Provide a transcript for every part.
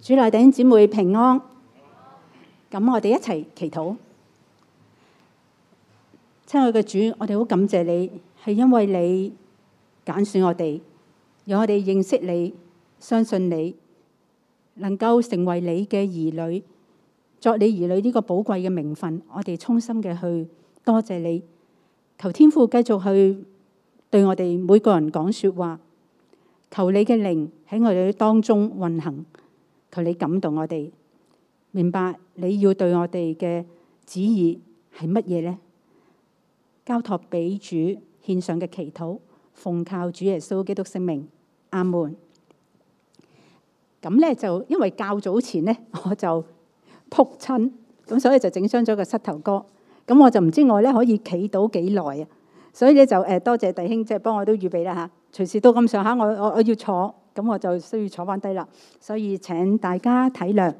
主內弟兄姊妹平安，咁我哋一齊祈禱。親愛嘅主，我哋好感謝你，係因為你揀選我哋，讓我哋認識你，相信你，能夠成為你嘅兒女。作你兒女呢個寶貴嘅名分，我哋衷心嘅去多謝你。求天父繼續去對我哋每個人講說話，求你嘅靈喺我哋當中運行。求你感動我哋，明白你要對我哋嘅旨意係乜嘢咧？交託俾主，獻上嘅祈禱，奉靠主耶穌基督聖名，阿門。咁咧就因為較早前咧我就扑親，咁所以就整傷咗個膝頭哥。咁我就唔知我咧可以企到幾耐啊？所以咧就誒多謝弟兄即係幫我都預備啦吓，隨時都咁上下我我我要坐。咁我就需要坐翻低啦，所以請大家體諒。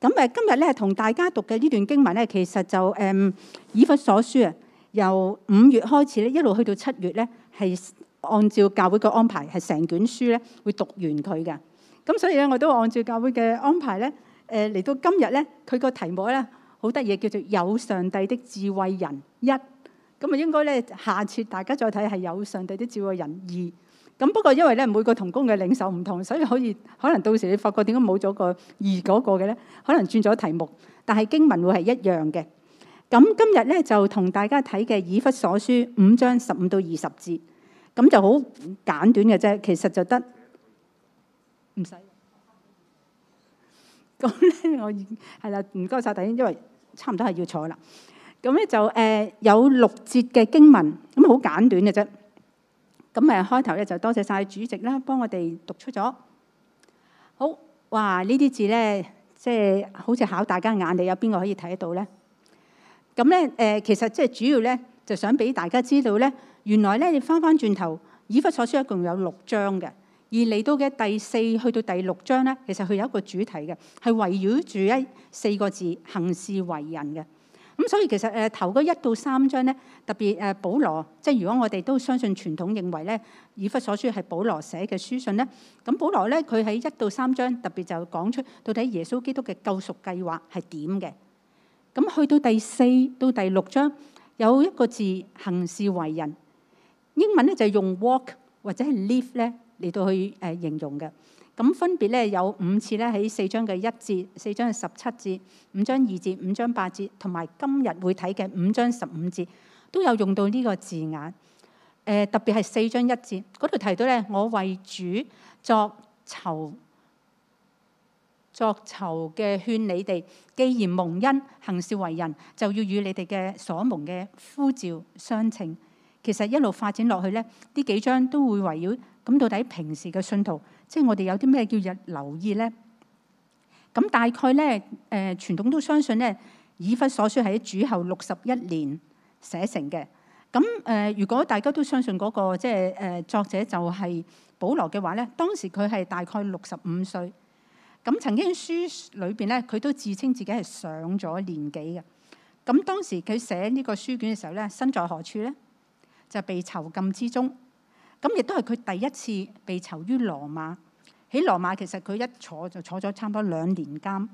咁誒，今日咧同大家讀嘅呢段經文咧，其實就誒、嗯、以弗所書啊，由五月開始咧，一路去到七月咧，係按照教會嘅安排，係成卷書咧會讀完佢嘅。咁所以咧，我都按照教會嘅安排咧，誒嚟到今日咧，佢個題目咧好得意，叫做有上帝的智慧人一。咁啊，應該咧下次大家再睇係有上帝的智慧人二。咁不過因為咧每個同工嘅領受唔同，所以可以可能到時你發覺點解冇咗個二嗰個嘅咧？可能轉咗題目，但係經文會係一樣嘅。咁今日咧就同大家睇嘅以弗所書五章十五到二十節，咁就好簡短嘅啫。其實就得唔使咁咧，我已經係啦，唔該曬大家，因為差唔多係要坐啦。咁咧就誒有六節嘅經文，咁好簡短嘅啫。咁誒開頭咧就多謝晒主席啦，幫我哋讀出咗。好，哇！呢啲字咧，即係好似考大家眼力，有邊個可以睇得到咧？咁咧誒，其實即係主要咧，就想俾大家知道咧，原來咧你翻翻轉頭，《以弗所書》一共有六章嘅，而嚟到嘅第四去到第六章咧，其實佢有一個主題嘅，係圍繞住一四個字，行事為人嘅。咁、嗯、所以其實誒、啊、頭嗰一到三章咧，特別誒、啊、保羅，即係如果我哋都相信傳統認為咧，以弗所書係保羅寫嘅書信咧，咁保羅咧佢喺一到三章特別就講出到底耶穌基督嘅救贖計劃係點嘅。咁去到第四到第六章有一個字行事為人，英文咧就係、用 walk 或者係 live 咧嚟到去誒、呃、形容嘅。咁分別咧有五次咧喺四章嘅一節、四章嘅十七節、五章二節、五章八節，同埋今日會睇嘅五章十五節都有用到呢個字眼。誒、呃、特別係四章一節嗰度提到咧，我為主作囚作囚嘅勸你哋，既然蒙恩行事為人，就要與你哋嘅所蒙嘅呼召相稱。其實一路發展落去咧，呢幾章都會圍繞咁到底平時嘅信徒。即係我哋有啲咩叫日留意咧？咁大概咧，誒傳統都相信咧，《以弗所書》係喺主後六十一年寫成嘅。咁誒、呃，如果大家都相信嗰、那個即係誒作者就係保羅嘅話咧，當時佢係大概六十五歲。咁曾經書裏邊咧，佢都自稱自己係上咗年紀嘅。咁當時佢寫呢個書卷嘅時候咧，身在何處咧？就被囚禁之中。咁亦都係佢第一次被囚於羅馬。喺羅馬其實佢一坐就坐咗差唔多兩年監。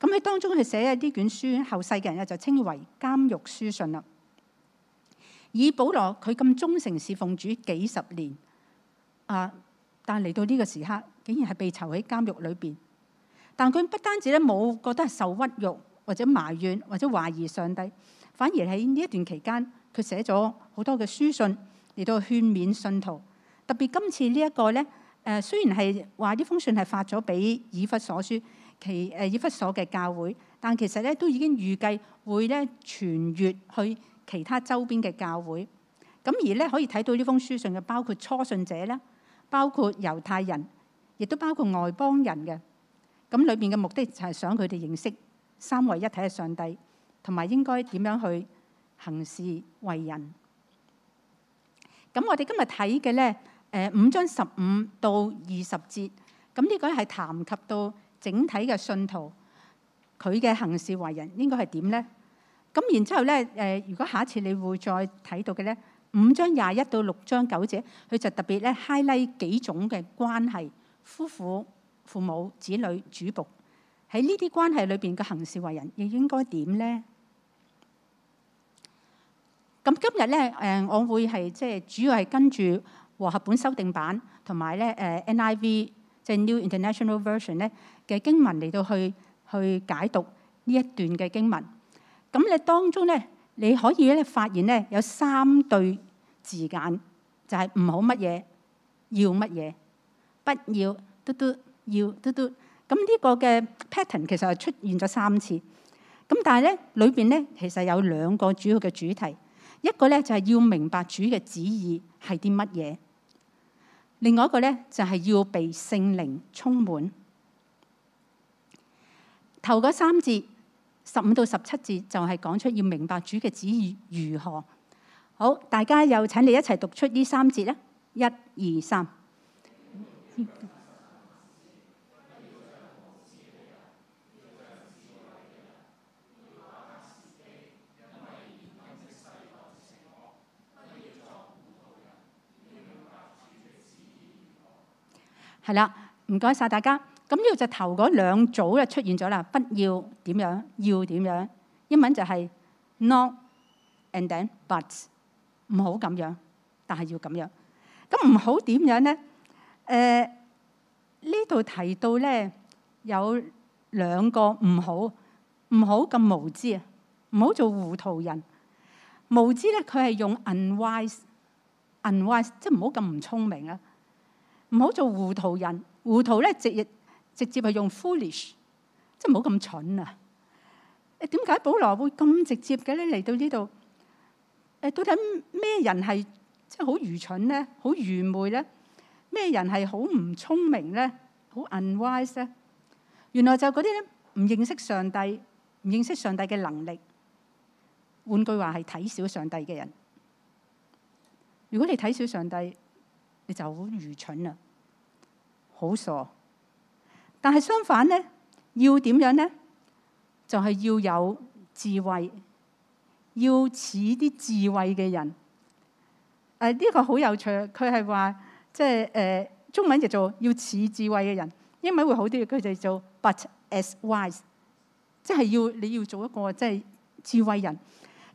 咁喺當中佢寫嘅呢卷書，後世嘅人咧就稱為《監獄書信》啦。以保羅佢咁忠誠侍奉主幾十年，啊！但嚟到呢個時刻，竟然係被囚喺監獄裏邊。但佢不單止咧冇覺得係受屈辱或者埋怨或者懷疑上帝，反而喺呢一段期間，佢寫咗好多嘅書信。嚟到勸勉信徒，特別今次呢、這、一個咧，誒、呃、雖然係話呢封信係發咗俾以弗所書其誒、呃、以弗所嘅教會，但其實咧都已經預計會咧傳閱去其他周邊嘅教會。咁而咧可以睇到呢封書信嘅包括初信者咧，包括猶太人，亦都包括外邦人嘅。咁裏邊嘅目的就係想佢哋認識三位一體嘅上帝，同埋應該點樣去行事為人。咁我哋今日睇嘅咧，誒五章十五到二十節，咁呢個係談及到整體嘅信徒佢嘅行事為人應該係點咧？咁然之後咧，誒如果下一次你會再睇到嘅咧，五章廿一到六章九節，佢就特別咧 highlight 幾種嘅關係：夫婦、父母、子女、主僕。喺呢啲關係裏邊嘅行事為人又，應應該點咧？咁今日咧，誒，我會係即係主要係跟住和合本修訂版同埋咧誒 NIV 即係 New International Version 咧嘅經文嚟到去去解讀呢一段嘅經文。咁你當中咧，你可以咧發現咧有三對字眼，就係唔好乜嘢，要乜嘢，不要嘟嘟，要嘟嘟，咁呢個嘅 pattern 其實係出現咗三次。咁但係咧，裏邊咧其實有兩個主要嘅主題。一個咧就係要明白主嘅旨意係啲乜嘢，另外一個咧就係要被聖靈充滿。頭嗰三節，十五到十七節就係講出要明白主嘅旨意如何。好，大家又請你一齊讀出呢三節啦，一二三。係啦，唔該晒大家。咁呢度就頭嗰兩組就出現咗啦，不要點樣，要點樣。英文就係 not and then but，唔好咁樣，但係要咁樣。咁唔好點樣咧？誒呢度提到咧有兩個唔好，唔好咁無知啊，唔好做糊塗人。無知咧，佢係用 unwise，unwise 即係唔好咁唔聰明啊。唔好做糊塗人，糊塗咧直接直接係用 foolish，即係唔好咁蠢啊！誒點解保羅會咁直接嘅咧？嚟到呢度誒到底咩人係即係好愚蠢咧？好愚昧咧？咩人係好唔聰明咧？好 unwise 咧？原來就嗰啲咧唔認識上帝、唔認識上帝嘅能力。換句話係睇小上帝嘅人。如果你睇小上帝，就好愚蠢啊，好傻。但係相反咧，要點樣咧？就係、是、要有智慧，要似啲智慧嘅人。誒、啊、呢、這個好有趣。佢係話即係誒，中文就做要似智慧嘅人，英文會好啲。佢就做 but as wise，即係要你要做一個即係、就是、智慧人。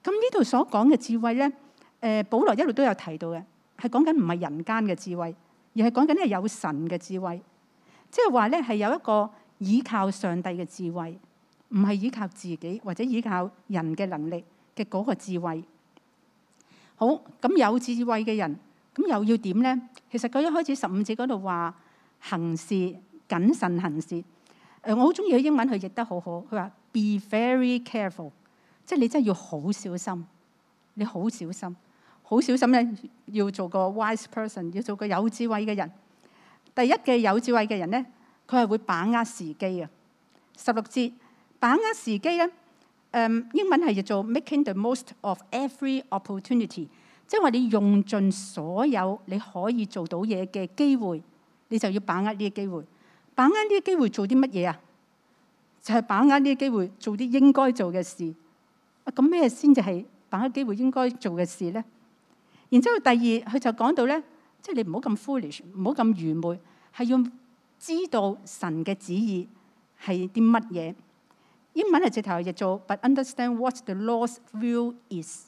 咁呢度所講嘅智慧咧，誒、呃，保羅一路都有提到嘅。係講緊唔係人間嘅智慧，而係講緊咧，有神嘅智慧，即係話咧，係有一個依靠上帝嘅智慧，唔係依靠自己或者依靠人嘅能力嘅嗰個智慧。好，咁有智慧嘅人，咁又要點咧？其實佢一開始十五節嗰度話行事謹慎行事，誒，我好中意佢英文，佢譯得好好，佢話 Be very careful，即係你真係要好小心，你好小心。好小心咧，要做個 wise person，要做個有智慧嘅人。第一嘅有智慧嘅人咧，佢係會把握時機啊。十六節把握時機咧，誒，英文係做 making the most of every opportunity，即係話你用盡所有你可以做到嘢嘅機會，你就要把握呢個機會。把握呢個機會做啲乜嘢啊？就係、是、把握呢個機會做啲應該做嘅事啊。咁咩先至係把握機會應該做嘅事咧？然之後，第二佢就講到咧，即係你唔好咁 foolish，唔好咁愚昧，係要知道神嘅旨意係啲乜嘢。英文係直頭係譯做，But understand what the Lord's will is。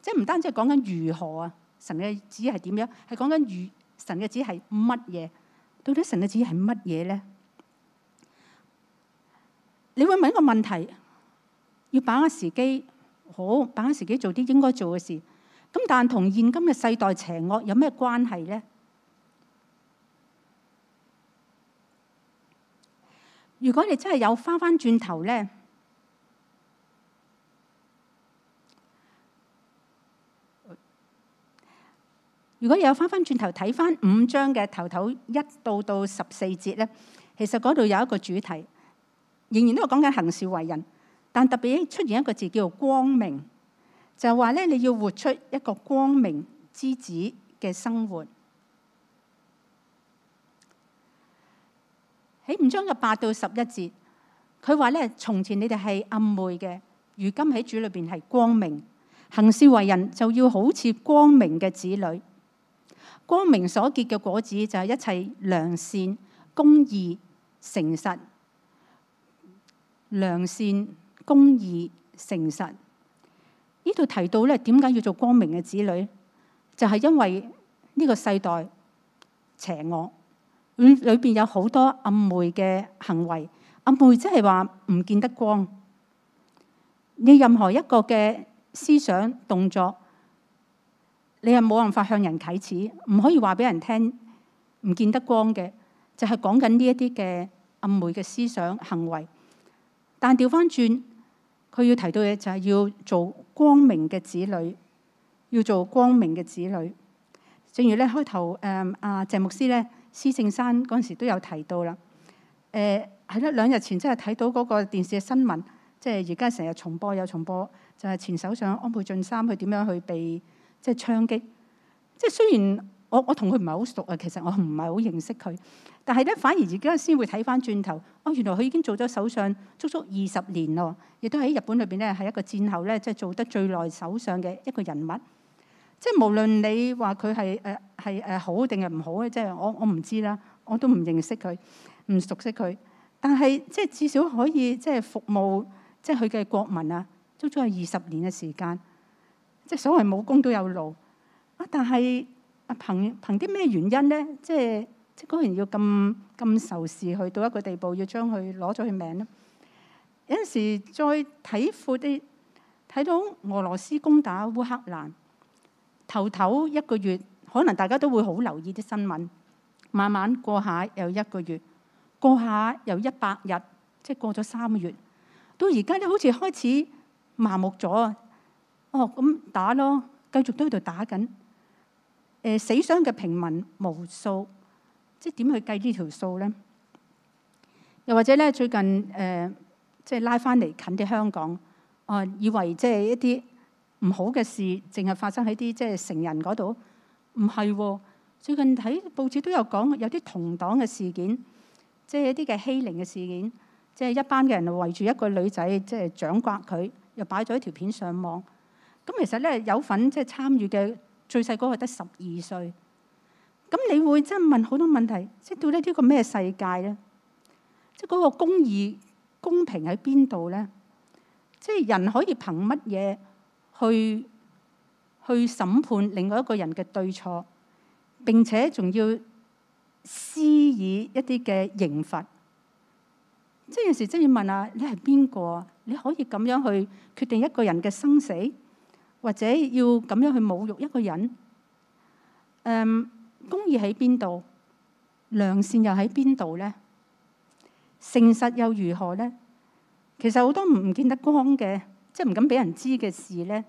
即係唔單止係講緊如何啊，神嘅旨意係點樣，係講緊如神嘅旨意係乜嘢？到底神嘅旨意係乜嘢咧？你會問一個問題，要把握時機，好把握時機做啲應該做嘅事。咁但同現今嘅世代邪惡有咩關係咧？如果你真係有翻翻轉頭咧，如果你有翻翻轉頭睇翻五章嘅頭頭一到到十四節咧，其實嗰度有一個主題，仍然都係講緊行事為人，但特別出現一個字叫做光明。就係話咧，你要活出一個光明之子嘅生活。喺五章嘅八到十一節，佢話咧，從前你哋係暗昧嘅，如今喺主裏面係光明，行事為人就要好似光明嘅子女，光明所結嘅果子就係一切良善、公義、誠實、良善、公義、誠實。呢度提到咧，點解要做光明嘅子女？就係因為呢個世代邪惡，裏邊有好多暗昧嘅行為。暗昧即係話唔見得光。你任何一個嘅思想動作，你係冇辦法向人啟齒，唔可以話俾人聽。唔見得光嘅就係講緊呢一啲嘅暗昧嘅思想行為。但調翻轉，佢要提到嘅就係要做。光明嘅子女，要做光明嘅子女。正如咧開頭誒、呃、啊謝牧師咧，施正山嗰陣時都有提到啦。誒係啦，兩日前真係睇到嗰個電視嘅新聞，即係而家成日重播又重播，就係、是、前首相安倍晉三佢點樣去被即係、就是、槍擊。即、就、係、是、雖然我我同佢唔係好熟啊，其實我唔係好認識佢。但係咧，反而而家先會睇返轉頭，哦，原來佢已經做咗首相足足二十年咯，亦都喺日本裏邊咧係一個戰後咧即係做得最耐首相嘅一個人物。即係無論你話佢係誒係誒好定係唔好咧，即係我我唔知啦，我都唔認識佢，唔熟悉佢。但係即係至少可以即係服務即係佢嘅國民啊，足足係二十年嘅時間。即係所謂冇功都有勞啊！但係憑憑啲咩原因咧？即係。即係固然要咁咁仇視，去到一個地步，要將佢攞咗佢命咧。有陣時再睇闊啲，睇到俄羅斯攻打烏克蘭，頭頭一個月，可能大家都會好留意啲新聞。慢慢過下又一個月，過下又一百日，即係過咗三個月，到而家呢好似開始麻木咗啊！哦，咁打咯，繼續都喺度打緊。誒，死傷嘅平民無數。即點去計呢條數咧？又或者咧，最近誒即係拉翻嚟近啲香港，哦，以為即係一啲唔好嘅事，淨係發生喺啲即係成人嗰度，唔係喎。最近睇報紙都有講，有啲同黨嘅事件，即係一啲嘅欺凌嘅事件，即係一班嘅人圍住一個女仔，即係掌摑佢，又擺咗一條片上網。咁其實咧，有份即係參與嘅最細嗰個得十二歲。咁你會真問好多問題，即係到底呢個咩世界咧？即係嗰個公義、公平喺邊度咧？即係人可以憑乜嘢去去審判另外一個人嘅對錯？並且仲要施以一啲嘅刑罰，即係有時即要問下啊！你係邊個？你可以咁樣去決定一個人嘅生死，或者要咁樣去侮辱一個人？誒。公義喺邊度？良善又喺邊度咧？誠實又如何咧？其實好多唔見得光嘅，即係唔敢俾人知嘅事咧，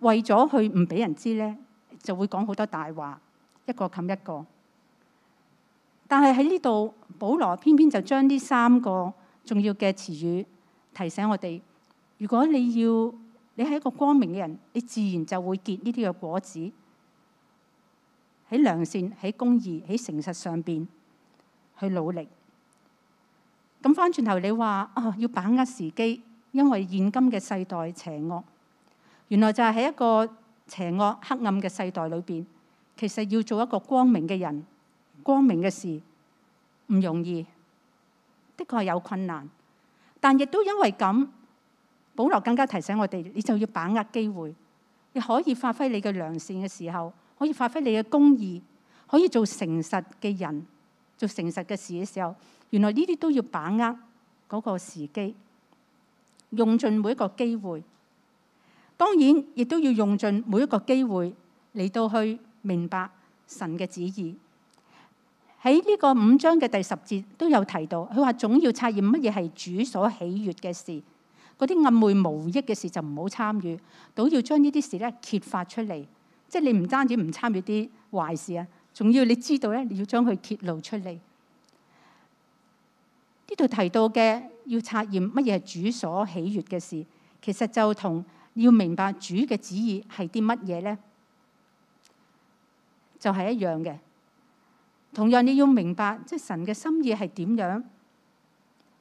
為咗去唔俾人知咧，就會講好多大話，一個冚一個。但係喺呢度，保羅偏偏就將呢三個重要嘅詞語提醒我哋：如果你要你係一個光明嘅人，你自然就會結呢啲嘅果子。喺良善、喺公義、喺誠實上邊去努力那回。咁翻轉頭，你話啊，要把握時機，因為現今嘅世代邪惡，原來就係喺一個邪惡、黑暗嘅世代裏邊。其實要做一個光明嘅人、光明嘅事，唔容易。的確係有困難，但亦都因為咁，保羅更加提醒我哋，你就要把握機會，你可以發揮你嘅良善嘅時候。可以發揮你嘅公義，可以做誠實嘅人，做誠實嘅事嘅時候，原來呢啲都要把握嗰個時機，用盡每一個機會。當然，亦都要用盡每一個機會嚟到去明白神嘅旨意。喺呢個五章嘅第十節都有提到，佢話，總要察驗乜嘢係主所喜悅嘅事，嗰啲暗昧無益嘅事就唔好參與，都要將呢啲事咧揭發出嚟。即係你唔單止唔參與啲壞事啊，仲要你知道咧，你要將佢揭露出嚟。呢度提到嘅要察驗乜嘢係主所喜悅嘅事，其實就同要明白主嘅旨意係啲乜嘢咧，就係一樣嘅。同樣你要明白即係神嘅心意係點樣，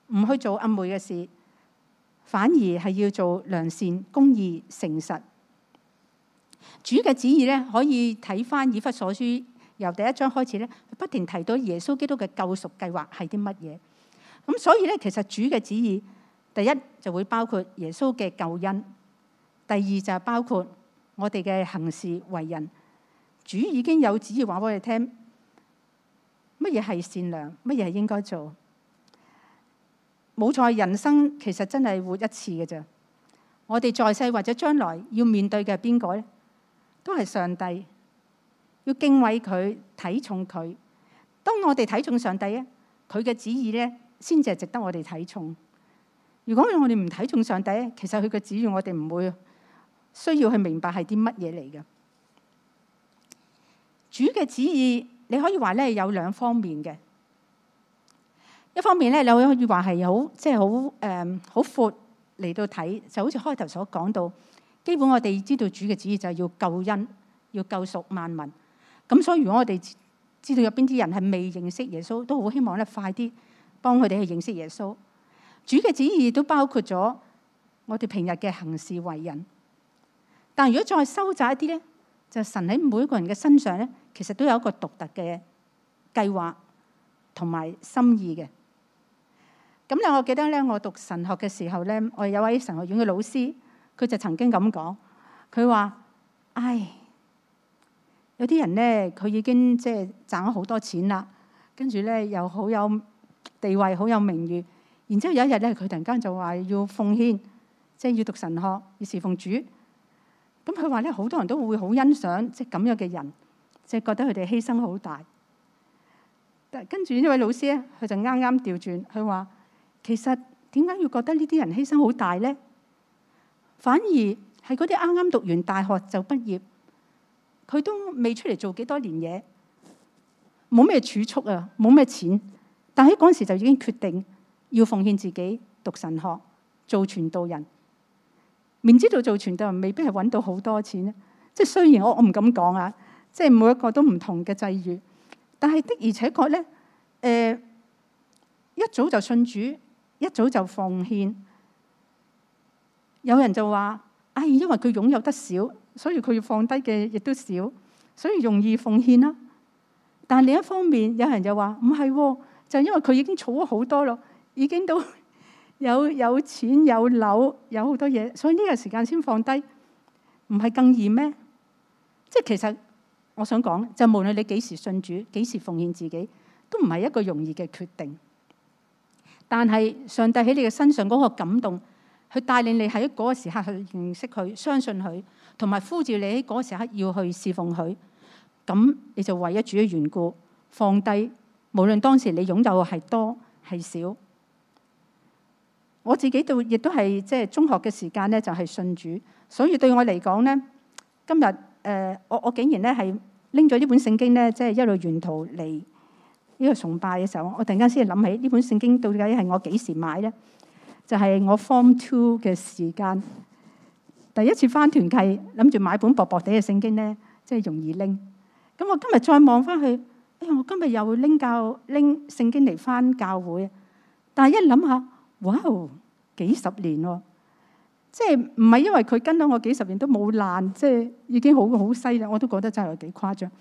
唔去做暗昧嘅事，反而係要做良善、公義、誠實。主嘅旨意咧，可以睇翻《以弗所書》，由第一章開始咧，不停提到耶穌基督嘅救贖計劃係啲乜嘢。咁所以咧，其實主嘅旨意，第一就會包括耶穌嘅救恩，第二就係包括我哋嘅行事為人。主已經有旨意話俾我哋聽，乜嘢係善良，乜嘢係應該做。冇錯，人生其實真係活一次嘅咋，我哋在世或者將來要面對嘅係邊個咧？都係上帝，要敬畏佢，睇重佢。當我哋睇重上帝咧，佢嘅旨意咧，先至係值得我哋睇重。如果我哋唔睇重上帝咧，其實佢嘅旨意，我哋唔會需要去明白係啲乜嘢嚟㗎。主嘅旨意，你可以話咧，有兩方面嘅。一方面咧，你可以話係好，即係好誒，好闊嚟到睇，就好似開頭所講到。基本我哋知道主嘅旨意就係要救恩，要救贖萬民。咁所以如果我哋知道有邊啲人係未認識耶穌，都好希望咧快啲幫佢哋去認識耶穌。主嘅旨意都包括咗我哋平日嘅行事為人。但如果再收窄一啲咧，就神喺每一個人嘅身上咧，其實都有一個獨特嘅計劃同埋心意嘅。咁咧，我記得咧，我讀神學嘅時候咧，我有位神學院嘅老師。佢就曾經咁講，佢話，唉，有啲人咧，佢已經即係賺咗好多錢啦，跟住咧又好有地位，好有名譽，然之後有一日咧，佢突然間就話要奉獻，即係要讀神學，要侍奉主。咁佢話咧，好多人都會好欣賞，即係咁樣嘅人，即係覺得佢哋犧牲好大。但係跟住呢位老師咧，佢就啱啱調轉，佢話：其實點解要覺得呢啲人犧牲好大咧？反而係嗰啲啱啱讀完大學就畢業，佢都未出嚟做幾多年嘢，冇咩儲蓄啊，冇咩錢，但喺嗰時就已經決定要奉獻自己讀神學做傳道人。明知道做傳道人未必係揾到好多錢，即係雖然我我唔敢講啊，即係每一個都唔同嘅際遇，但係的而且確咧，誒、呃、一早就信主，一早就奉獻。有人就話：唉，因為佢擁有得少，所以佢要放低嘅亦都少，所以容易奉獻啦。但係另一方面，有人就話唔係喎，就因為佢已經儲咗好多咯，已經都有有錢有樓有好多嘢，所以呢個時間先放低，唔係更易咩？即係其實我想講，就無論你幾時信主，幾時奉獻自己，都唔係一個容易嘅決定。但係上帝喺你嘅身上嗰個感動。佢帶領你喺嗰個時刻去認識佢、相信佢，同埋呼召你喺嗰個時刻要去侍奉佢。咁你就為咗主嘅緣故放低，無論當時你擁有係多係少。我自己就亦都係即係中學嘅時間咧，就係信主，所以對我嚟講咧，今日誒，我我竟然咧係拎咗呢本聖經咧，即係一路沿途嚟呢個崇拜嘅時候，我突然間先諗起呢本聖經到底係我幾時買咧？就係我 form two 嘅時間，第一次翻團契，諗住買本薄薄哋嘅聖經咧，即係容易拎。咁我今日再望翻去，哎呀，我今日又會拎教拎聖經嚟翻教會。但係一諗下，哇哦，幾十年喎！即係唔係因為佢跟咗我幾十年都冇爛，即係已經好好犀利啦。我都覺得真係幾誇張。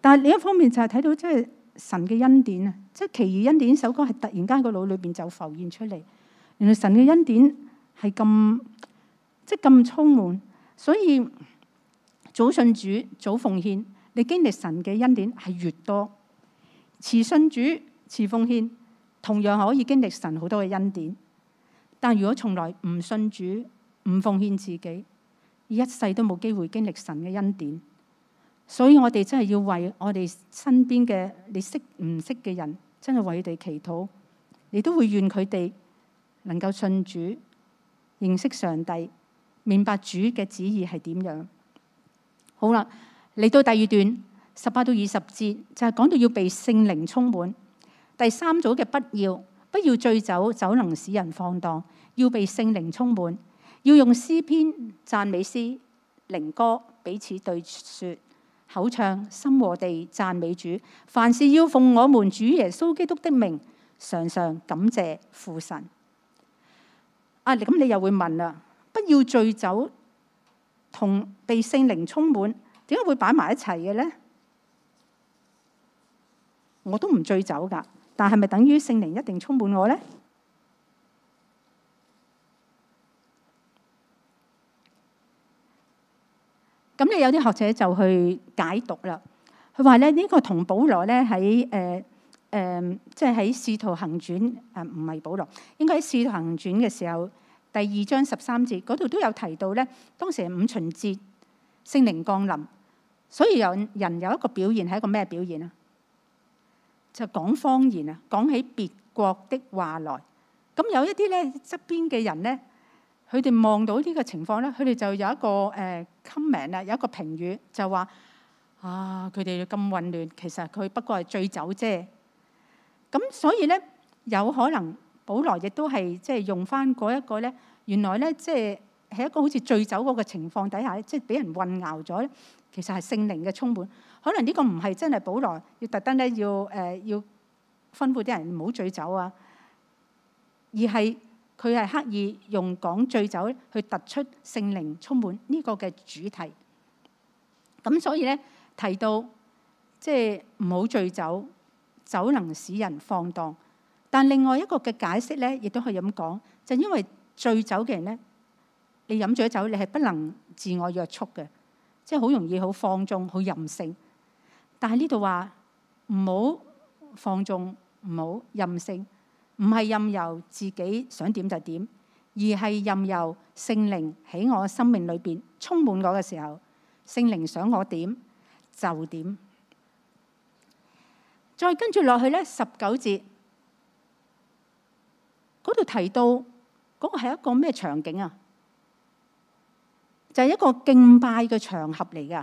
但係另一方面就係睇到即係神嘅恩典啊！即係奇異恩典呢首歌係突然間個腦裏邊就浮現出嚟。原來神嘅恩典係咁，即係咁充滿，所以早信主、早奉獻，你經歷神嘅恩典係越多；遲信主、遲奉獻，同樣可以經歷神好多嘅恩典。但如果從來唔信主、唔奉獻自己，一世都冇機會經歷神嘅恩典。所以我哋真係要為我哋身邊嘅你識唔識嘅人，真係為佢哋祈禱，你都會願佢哋。能夠信主、認識上帝、明白主嘅旨意係點樣。好啦，嚟到第二段十八到二十節，就係講到要被聖靈充滿。第三組嘅不要不要醉酒，酒能使人放蕩，要被聖靈充滿，要用詩篇讚美詩、靈歌彼此對說口唱，心和地讚美主。凡事要奉我們主耶穌基督的名，常常感謝父神。啊！咁你又會問啦，不要醉酒，同被聖靈充滿，點解會擺埋一齊嘅咧？我都唔醉酒噶，但係咪等於聖靈一定充滿我咧？咁你有啲學者就去解讀啦。佢話咧呢個同保羅咧喺誒。誒，即係喺《使徒行傳》，誒唔係保羅，應該喺《使徒行傳》嘅時候，第二章十三節嗰度都有提到咧。當時係五旬節聖靈降臨，所以有人有一個表現係一個咩表現咧？就講方言啊，講起別國的話來。咁有一啲咧側邊嘅人咧，佢哋望到呢個情況咧，佢哋就有一個誒 comment 啦，有一個評語就話：啊，佢哋咁混亂，其實佢不過係醉酒啫。咁所以咧，有可能保羅亦都係即係用翻嗰一個咧，原來咧即係喺一個好似醉酒嗰個情況底下咧，即係俾人混淆咗咧，其實係聖靈嘅充滿。可能呢個唔係真係保羅要特登咧要誒要吩咐啲人唔好醉酒啊，而係佢係刻意用講醉酒去突出聖靈充滿呢個嘅主題。咁所以咧提到即係唔好醉酒。酒能使人放蕩，但另外一個嘅解釋咧，亦都可以咁講，就因為醉酒嘅人咧，你飲醉酒，你係不能自我約束嘅，即係好容易好放縱、好任性。但係呢度話唔好放縱，唔好任性，唔係任由自己想點就點，而係任由聖靈喺我生命裏邊充滿我嘅時候，聖靈想我點就點。再跟住落去咧，十九節嗰度提到嗰個係一個咩場景啊？就係、是、一個敬拜嘅場合嚟噶。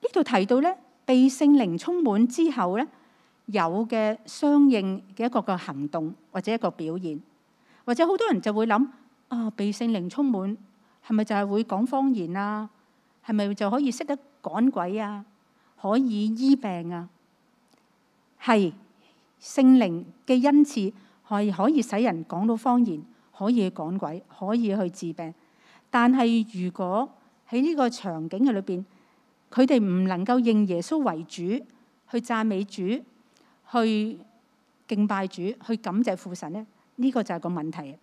呢度提到咧，被聖靈充滿之後咧，有嘅相應嘅一個個行動或者一個表現，或者好多人就會諗啊、哦，被聖靈充滿係咪就係會講方言啊？係咪就可以識得趕鬼啊？可以醫病啊？係聖靈嘅恩賜係可以使人講到方言，可以趕鬼，可以去治病。但係如果喺呢個場景嘅裏邊，佢哋唔能夠認耶穌為主，去讚美主，去敬拜主，去感謝父神咧，呢個就係個問題。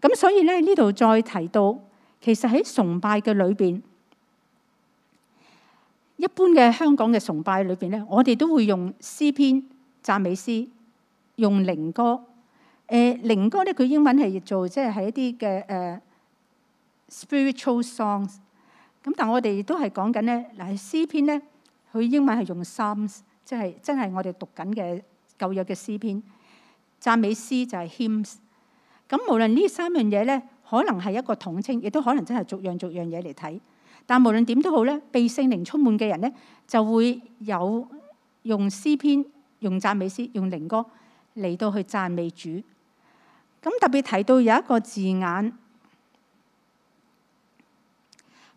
咁所以咧，呢度再提到，其實喺崇拜嘅裏邊。一般嘅香港嘅崇拜裏邊咧，我哋都會用詩篇、讚美詩、用靈歌。誒靈歌咧，佢英文係做即係喺一啲嘅誒 spiritual songs。咁但係我哋亦都係講緊咧嗱，詩篇咧佢英文係用 psalms，即係真係我哋讀緊嘅舊約嘅詩篇。讚美詩就係 hymns。咁無論呢三樣嘢咧，可能係一個統稱，亦都可能真係逐樣逐樣嘢嚟睇。但無論點都好咧，被聖靈充滿嘅人咧，就會有用詩篇、用讚美詩、用靈歌嚟到去讚美主。咁特別提到有一個字眼，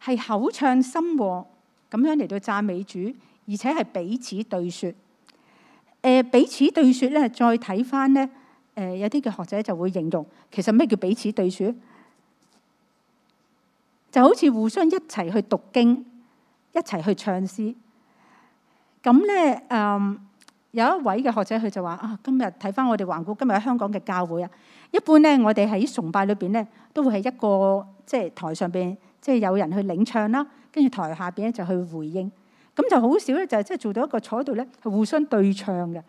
係口唱心和，咁樣嚟到讚美主，而且係彼此對説。誒、呃，彼此對説咧，再睇翻咧，誒、呃、有啲嘅學者就會形容，其實咩叫彼此對説？就好似互相一齊去讀經，一齊去唱詩。咁咧，嗯，有一位嘅學者佢就話：啊，今日睇返我哋環顧今日喺香港嘅教會啊，一般咧我哋喺崇拜裏邊咧，都會係一個即係台上邊即係有人去領唱啦，跟住台下邊咧就去回應。咁就好少咧，就係即係做到一個坐喺度咧，係互相對唱嘅。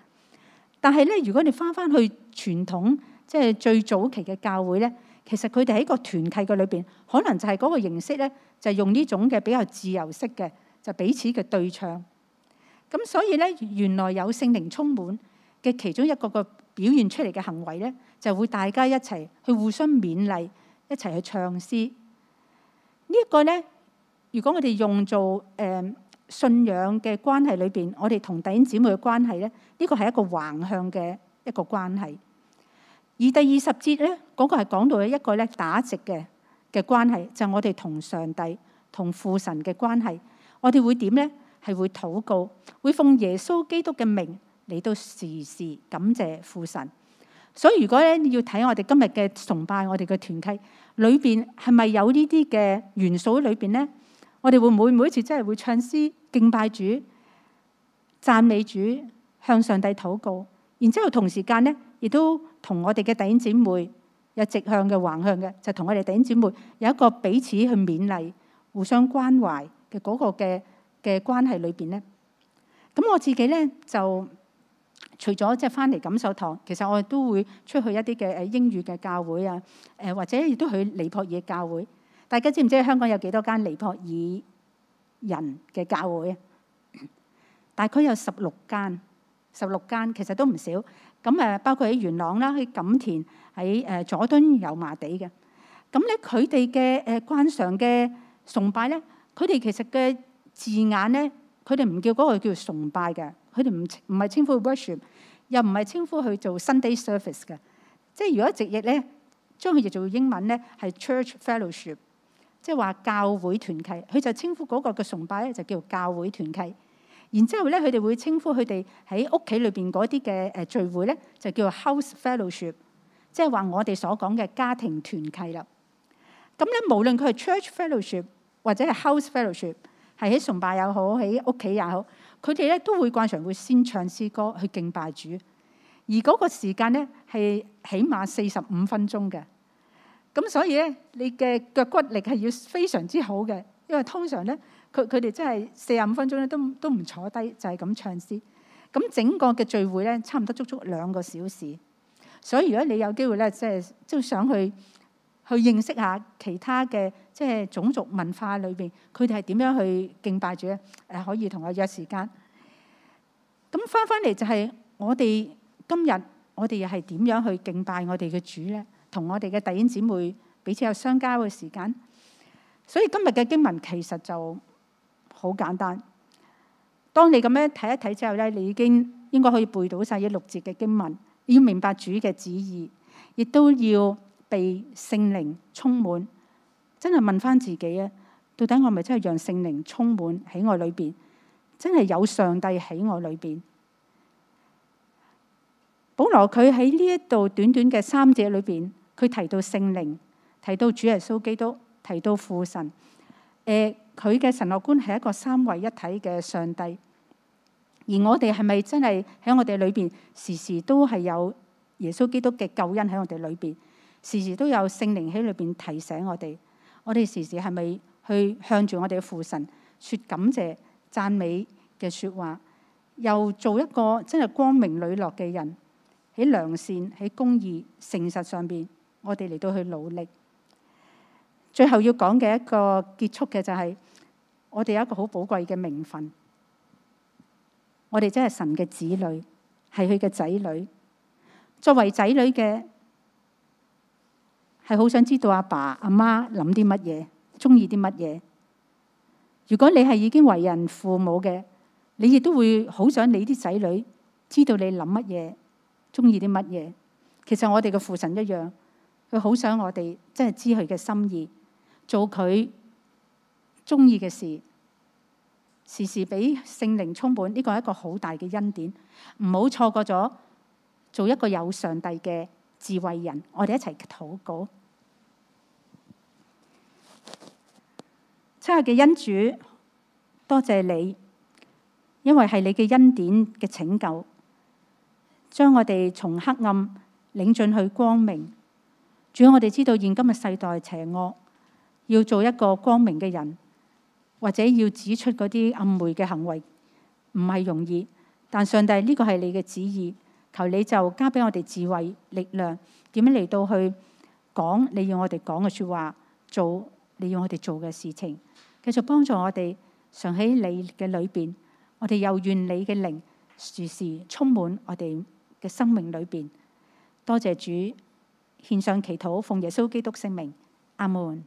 但係咧，如果你返返去傳統，即係最早期嘅教會咧。其實佢哋喺一個團契嘅裏邊，可能就係嗰個形式咧，就用呢種嘅比較自由式嘅，就彼此嘅對唱。咁所以咧，原來有聖靈充滿嘅其中一個個表現出嚟嘅行為咧，就會大家一齊去互相勉勵，一齊去唱詩。這個、呢一個咧，如果我哋用做誒、呃、信仰嘅關係裏邊，我哋同弟兄姊妹嘅關係咧，呢、這個係一個橫向嘅一個關係。而第二十節咧，嗰個係講到一個咧打直嘅嘅關係，就係我哋同上帝、同父神嘅關係，我哋會點咧？係會禱告，會奉耶穌基督嘅名嚟到時時感謝父神。所以如果咧要睇我哋今日嘅崇拜，我哋嘅團契裏邊係咪有呢啲嘅元素喺裏邊咧？我哋會唔會每一次真係會唱詩敬拜主、讚美主、向上帝禱告，然之後同時間咧？亦都同我哋嘅弟兄姊妹有直向嘅、橫向嘅，就同我哋弟兄姊妹有一個彼此去勉勵、互相關懷嘅嗰個嘅嘅關係裏邊咧。咁我自己咧就除咗即係翻嚟感受堂，其實我亦都會出去一啲嘅誒英語嘅教會啊，誒或者亦都去尼泊爾教會。大家知唔知香港有幾多間尼泊爾人嘅教會啊？大概有十六間，十六間其實都唔少。咁誒，包括喺元朗啦，喺錦田，喺誒佐敦油麻地嘅。咁咧，佢哋嘅誒慣常嘅崇拜咧，佢哋其實嘅字眼咧，佢哋唔叫嗰個叫做崇拜嘅，佢哋唔唔係稱呼 worship，又唔係稱呼佢做 Sunday service 嘅。即係如果直譯咧，將佢譯做英文咧，係 Church Fellowship，即係話教會團契。佢就稱呼嗰個嘅崇拜咧，就叫教會團契。然之後咧，佢哋會稱呼佢哋喺屋企裏邊嗰啲嘅誒聚會咧，就叫做 house fellowship，即係話我哋所講嘅家庭團契啦。咁咧，無論佢係 church fellowship 或者係 house fellowship，係喺崇拜又好，喺屋企又好，佢哋咧都會慣常會先唱詩歌去敬拜主，而嗰個時間咧係起碼四十五分鐘嘅。咁所以咧，你嘅腳骨力係要非常之好嘅，因為通常咧。佢佢哋真係四十五分鐘咧，都都唔坐低，就係咁唱詩。咁整個嘅聚會咧，差唔多足足兩個小時。所以如果你有機會咧，即係即係想去去認識下其他嘅即係種族文化裏邊，佢哋係點樣去敬拜主咧？誒，可以同我約時間。咁翻翻嚟就係我哋今日，我哋又係點樣去敬拜我哋嘅主咧？同我哋嘅弟兄姊妹彼此有相交嘅時間。所以今日嘅經文其實就～好簡單，當你咁樣睇一睇之後咧，你已經應該可以背到晒呢六節嘅經文，要明白主嘅旨意，亦都要被聖靈充滿。真係問翻自己啊，到底我係咪真係讓聖靈充滿喺我裏邊？真係有上帝喺我裏邊？保羅佢喺呢一度短短嘅三節裏邊，佢提到聖靈，提到主耶穌基督，提到父神。誒、呃。佢嘅神學觀係一個三位一體嘅上帝，而我哋係咪真係喺我哋裏邊時時都係有耶穌基督嘅救恩喺我哋裏邊？時時都有聖靈喺裏邊提醒我哋，我哋時時係咪去向住我哋嘅父神説感謝讚美嘅説話？又做一個真係光明磊落嘅人，喺良善喺公義誠實上邊，我哋嚟到去努力。最後要講嘅一個結束嘅就係，我哋有一個好寶貴嘅名分，我哋真係神嘅子女，係佢嘅仔女。作為仔女嘅，係好想知道阿爸阿媽諗啲乜嘢，中意啲乜嘢。如果你係已經為人父母嘅，你亦都會好想你啲仔女知道你諗乜嘢，中意啲乜嘢。其實我哋嘅父神一樣，佢好想我哋真係知佢嘅心意。做佢中意嘅事，時時俾聖靈充滿，呢個係一個好大嘅恩典。唔好錯過咗做一個有上帝嘅智慧人。我哋一齊禱告。親愛嘅恩主，多謝你，因為係你嘅恩典嘅拯救，將我哋從黑暗領進去光明。主，我哋知道現今嘅世代係邪惡。要做一個光明嘅人，或者要指出嗰啲暗昧嘅行為，唔係容易。但上帝呢個係你嘅旨意，求你就交俾我哋智慧力量，點樣嚟到去講你要我哋講嘅說話，做你要我哋做嘅事情，繼續幫助我哋常喺你嘅裏邊。我哋又願你嘅靈時時充滿我哋嘅生命裏邊。多謝主，獻上祈禱，奉耶穌基督聖名，阿門。